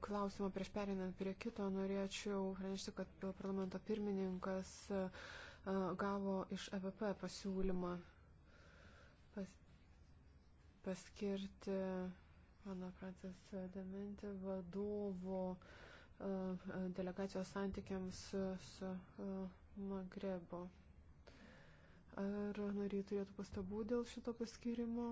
klausimo prieš perinant prie kito norėčiau pranešti, kad parlamento pirmininkas gavo iš EVP pasiūlymą pas, paskirti mano Francis Dementi vadovų delegacijos santykiams su Magrebo. Ar nariai turėtų pastabų dėl šito paskirimo?